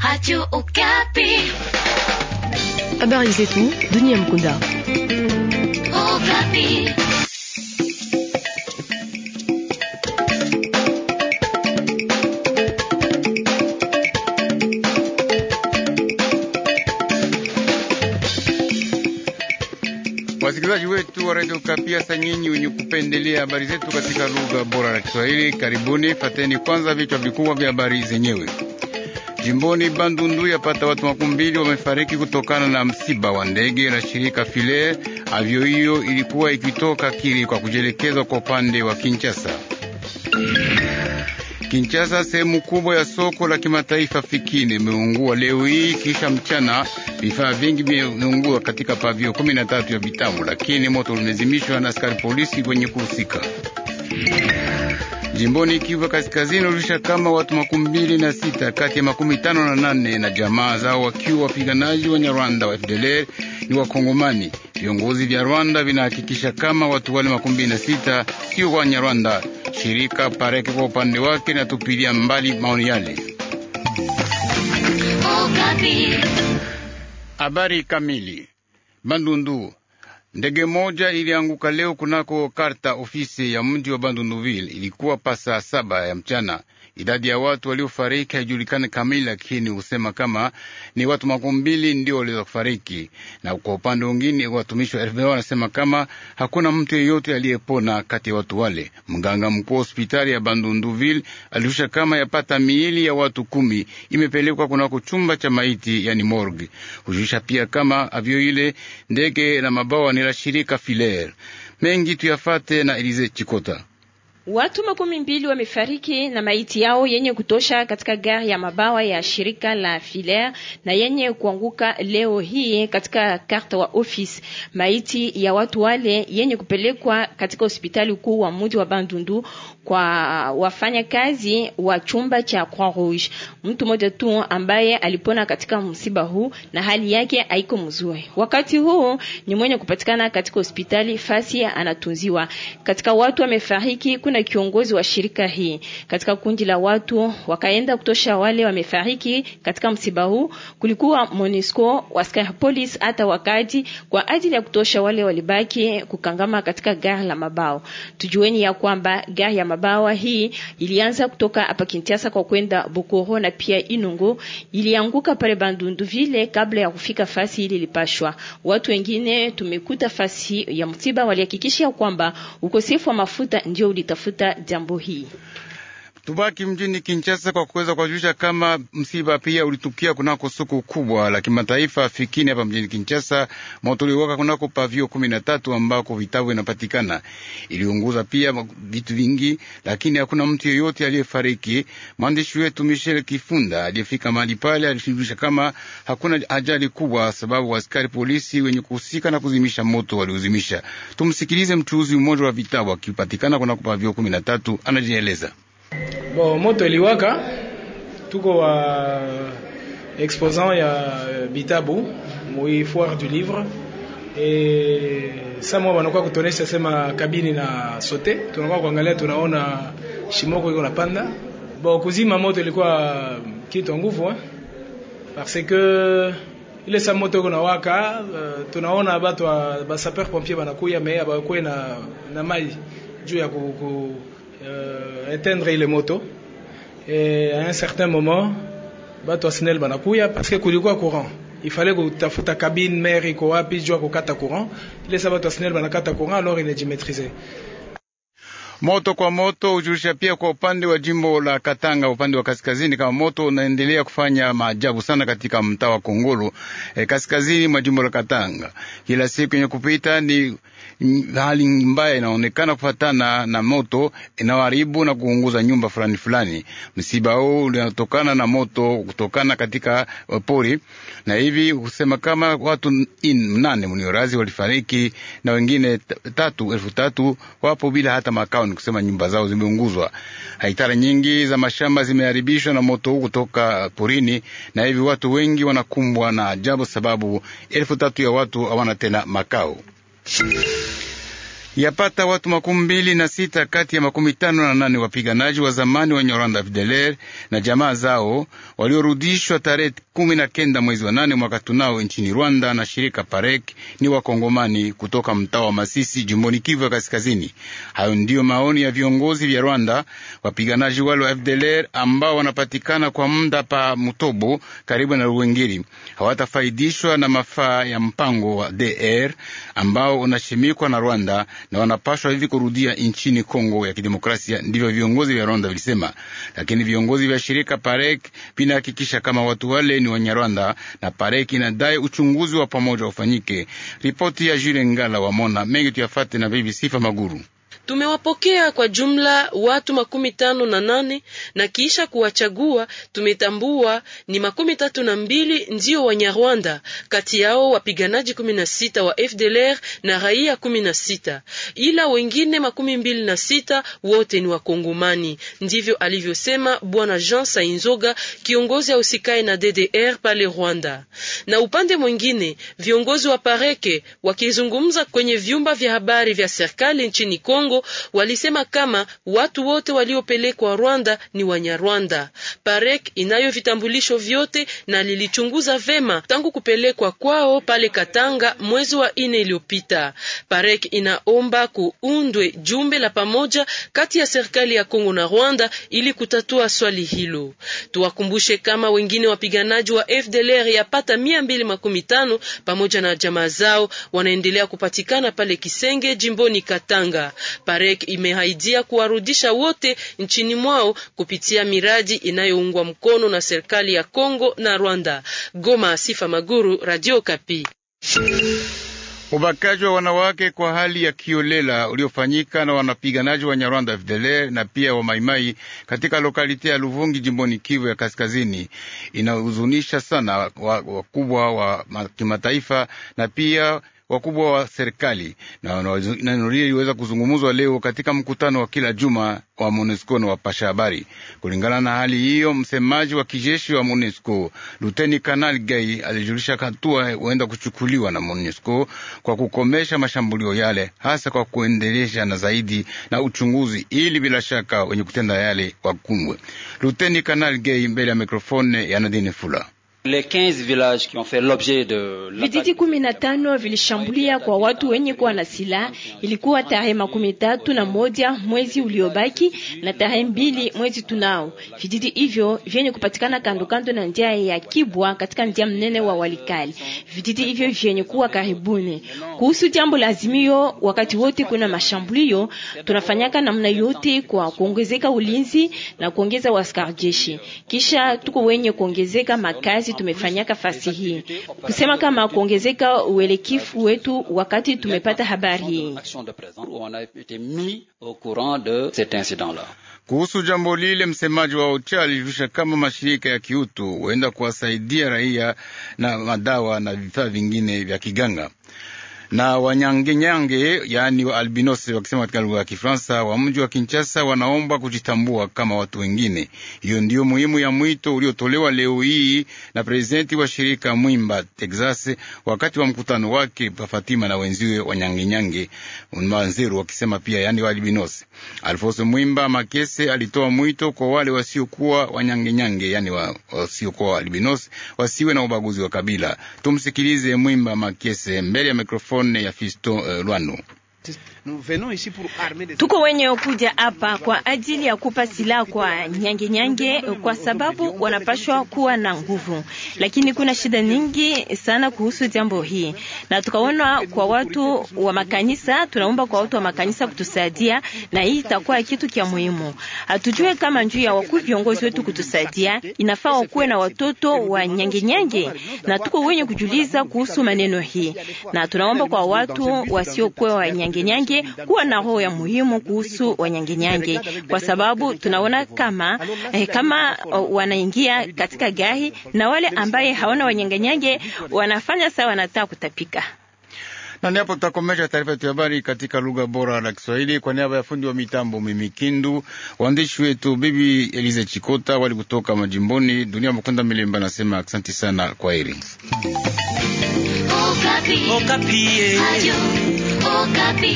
Radio Okapi. Habari zetu dunia mkunda. Okapi. Wasikilizaji wetu wa Radio Okapi, hasa nyinyi wenye kupendelea habari zetu katika lugha bora la Kiswahili, karibuni fateni kwanza vichwa vikubwa vya habari zenyewe. Jimboni Bandundu yapata watu makumi mbili wamefariki kutokana na msiba wa ndege la shirika File. Avyo hiyo ilikuwa ikitoka Kili kwa kujelekezwa kwa upande wa Kinshasa. Kinshasa, sehemu kubwa ya soko la kimataifa Fikine imeungua leo hii kisha mchana. Vifaa vingi vimeungua katika pavio 13 ya Bitamu, lakini moto limezimishwa na askari polisi kwenye kuhusika. Jimboni Kivu Kaskazini ulisha kama watu makumi mbili na sita kati ya makumi tano na nane na jamaa zao wakiwa wapiganaji wa Nyarwanda wa FDLR ni Wakongomani. Viongozi vya Rwanda vinahakikisha kama watu wale makumi mbili na sita sio wa Nyarwanda. Shirika Pareke kwa upande wake natupilia mbali maoni yale. Oh, Habari kamili Bandundu Ndege moja ilianguka leo kunako karta ofisi ya mji wa Bandunuville, ilikuwa pa saa saba ya mchana. Idadi ya watu waliofariki haijulikani kamili, lakini husema kama ni watu makumi mbili ndio waliweza kufariki. Na kwa upande mwingine, watumishi wa FBA wanasema kama hakuna mtu yeyote aliyepona kati ya watu wale. Mganga mkuu wa hospitali ya Bandunduville alirusha kama yapata miili ya watu kumi imepelekwa kunako chumba cha maiti, yani morgue. Hushisha pia kama avyo ile ndege na mabawa ni la shirika Filair. Mengi tuyafate na Elize Chikota. Watu makumi mbili wamefariki na maiti yao yenye kutosha katika gari ya mabawa ya shirika la Filaire na yenye kuanguka leo hii katika karta wa office. Maiti ya watu wale yenye kupelekwa katika hospitali kuu wa mji wa Bandundu kwa wafanya kazi wa chumba cha Croix Rouge. Mtu mmoja tu ambaye alipona katika msiba huu na hali yake haiko mzuri. Wakati huu ni mwenye kupatikana katika hospitali fasi anatunziwa. Katika watu wamefariki mkuu na kiongozi wa shirika hii. Katika kundi la watu wakaenda kutosha wale wamefariki katika msiba huu, kulikuwa MONUSCO, askari polisi hata wakati kwa ajili ya kutosha wale walibaki kukangama katika gari la mabao. Tujueni ya kwamba gari ya mabao hii ilianza kutoka hapa Kinshasa kwa kwenda Bokoro na pia Inungu, ilianguka pale Bandundu vile kabla ya kufika fasi ili lipashwa. Watu wengine tumekuta fasi ya msiba walihakikisha kwamba ukosefu wa mafuta ndio ulita kutafuta jambo hii. Tubaki mjini Kinshasa kwa kuweza kuwajulisha kama msiba pia ulitukia kunako suku kubwa la kimataifa fikini hapa mjini Kinshasa. Moto uliwaka kunako pavio kumi na tatu ambako vitabu vinapatikana, iliunguza pia vitu vingi, lakini hakuna mtu yeyote aliyefariki. Mwandishi wetu Michel Kifunda aliyefika mahali pale alishuhulisha kama hakuna ajali kubwa, sababu askari polisi wenye kuhusika na kuzimisha moto waliuzimisha. Tumsikilize mchuuzi mmoja wa vitabu akipatikana kunako pavio kumi na tatu anajieleza bon moto iliwaka, tuko wa exposant ya bitabu mwi foire du livre e, samwa wanakuwa kutonesha sema kabini na sote, tunakuwa kuangalia, tunaona shimoko iko panda Bo, kuzima moto ilikuwa kitu nguvu eh? parce que ile sa moto iko nawaka, uh, tunaona batu ba sapeur pompier banakuya me abakuwe na, na mai juu ya ku, ku Euh, éteindre les motos et à un certain moment bato la banakuya parce que kulikuwa courant il fallait kutafuta kabine mère wapi courant les courant alors il est maîtrisé Moto kwa moto hujulisha pia kwa upande wa jimbo la Katanga, upande wa kaskazini, kama moto unaendelea kufanya maajabu sana katika mtaa wa Kongolo e, kaskazini mwa jimbo la Katanga. Kila siku yenye kupita ni hali mbaya inaonekana kufatana na moto inayoharibu na kuunguza nyumba fulani fulani. Msiba huu ulinatokana na moto kutokana katika eh, pori, na hivi husema kama watu in nane mniorazi walifariki na wengine tatu elfu tatu wapo bila hata makao ni kusema nyumba zao zimeunguzwa. haitara nyingi za mashamba zimeharibishwa na moto huu kutoka porini, na hivi watu wengi wanakumbwa na ajabu, sababu elfu tatu ya watu hawana tena makao yapata watu makumi mbili na sita kati ya makumi tano na nane wapiganaji wa zamani wenye Rwanda FDLR na jamaa zao waliorudishwa tarehe kumi na kenda mwezi wa nane mwaka tunao nchini Rwanda na shirika Parek ni wakongomani kutoka mtaa wa Masisi jimboni Kivu ya Kaskazini. Hayo ndiyo maoni ya viongozi vya Rwanda. Wapiganaji wale wa FDLR ambao wanapatikana kwa muda pa Mutobo karibu na Ruwengeri hawatafaidishwa na mafaa ya mpango wa DR ambao unashimikwa na Rwanda na wanapashwa hivi kurudia nchini Kongo ya Kidemokrasia. Ndivyo viongozi vya Rwanda vilisema, lakini viongozi vya shirika PAREK vinahakikisha kama watu wale ni Wanyarwanda na PAREK inadai uchunguzi wa pamoja ufanyike. Ripoti ya Jule Ngala Wamona mengi tuyafate na BBC Famaguru. Tumewapokea kwa jumla watu makumi tano na nane na kisha kuwachagua tumetambua ni makumi tatu na mbili ndio Wanyarwanda, kati yao wapiganaji kumi na sita wa FDLR na raia kumi na sita ila wengine makumi mbili na sita wote ni Wakongomani. Ndivyo alivyosema Bwana Jean Sainzoga, kiongozi ausikae na DDR pale Rwanda. Na upande mwingine viongozi wa Pareke wakizungumza kwenye vyumba vya habari vya serikali nchini Kongo walisema kama watu wote waliopelekwa Rwanda ni Wanyarwanda. Parek inayo vitambulisho vyote na lilichunguza vema tangu kupelekwa kwao pale Katanga mwezi wa ine iliyopita. Parek inaomba kuundwe jumbe la pamoja kati ya serikali ya Kongo na Rwanda ili kutatua swali hilo. Tuwakumbushe kama wengine wapiganaji wa FDLR yapata pata 215 pamoja na jamaa zao wanaendelea kupatikana pale Kisenge jimboni Katanga. PAREK imehaidia kuwarudisha wote nchini mwao kupitia miradi inayoungwa mkono na serikali ya Kongo na Rwanda. Goma, Sifa Maguru, Radio Kapi. Ubakaji wa wanawake kwa hali ya kiolela uliofanyika na wanapiganaji wa Nyarwanda FDLR na pia wa Maimai katika lokalite ya Luvungi jimboni Kivu ya Kaskazini inahuzunisha sana wakubwa wa, wa, wa kimataifa na pia wakubwa wa serikali, na neno lile iliweza kuzungumzwa leo katika mkutano wa kila juma wa MONUSCO na wapasha habari. Kulingana na hali hiyo, msemaji wa kijeshi wa MONUSCO Luteni canal Gay alijulisha hatua huenda kuchukuliwa na MONUSCO kwa kukomesha mashambulio yale, hasa kwa kuendelesha na zaidi na uchunguzi, ili bila shaka wenye kutenda yale wakumbwe. Luteni canal Gay mbele ya mikrofone ya Nadine Fula. Les 15 villages qui ont fait l'objet de vijiji kumi na tano vilishambulia kwa watu wenye kuwa na silaha. Ilikuwa tarehe makumi tatu na moja mwezi uliobaki na tarehe mbili mwezi tunao. Vijiji hivyo vyenye kupatikana kando kando na njia ya Kibwa katika njia mnene wa Walikali, vijiji hivyo vyenye kuwa karibuni. Kuhusu jambo la azimio, wakati wote kuna mashambulio, tunafanyaka namna yote kwa kuongezeka ulinzi na kuongeza waskari jeshi, kisha tuko wenye kuongezeka makazi kazi tumefanyaka fasi hii, kusema kama kuongezeka uelekifu wetu wakati tumepata habari hii kuhusu jambo lile. Msemaji wa OCHA alijulisha kama mashirika ya kiutu huenda kuwasaidia raia na madawa na vifaa vingine vya kiganga na wanyangenyange yaani wa albinos wakisema katika lugha ya Kifaransa wa mji wa Kinshasa wanaomba kujitambua kama watu wengine. Hiyo ndiyo muhimu ya mwito uliotolewa leo hii na prezidenti wa shirika Mwimba Texas wakati wa mkutano wake pa Fatima na wenziwe wanyangenyange manzeru wakisema pia yaani wa albinose. Alfonso Mwimba Makese alitoa mwito kwa wale wasiokuwa wanyangenyange yaani wa, wasiokuwa albinose wasiwe na ubaguzi wa kabila. Tumsikilize Mwimba Makese mbele ya mikrofoni Garonne ya Fiston uh, eh, Lwano. Tuko wenye kuja hapa kwa ajili ya kupa silaha kwa nyange nyange, kwa sababu wanapashwa kuwa na nguvu, lakini kuna shida nyingi sana kuhusu jambo hii, na tukaona kwa watu wa makanisa, tunaomba kwa watu wa makanisa kutusaidia, na hii itakuwa kitu kia muhimu. Hatujue kama njuu ya wakuu viongozi wetu kutusaidia, inafaa wakuwe na watoto wa nyange nyange, na tuko wenye kujuliza kuhusu maneno hii, na tunaomba kwa watu wasiokuwa wa nyange nyange Nyange kuwa na roho ya muhimu kuhusu Wanyangenyange, kwa sababu tunaona kama eh, kama uh, wanaingia katika gari na wale ambaye hawana Wanyangenyange wanafanya sawa, wanataka kutapika na niapo tutakomesha taarifa yetu ya habari katika lugha bora la Kiswahili. Kwa niaba ya fundi wa mitambo mimi Kindu, waandishi wetu bibi Elize Chikota wali kutoka majimboni Dunia Mkonda Milemba, nasema asante sana, kwa heri. Eh. Okapi.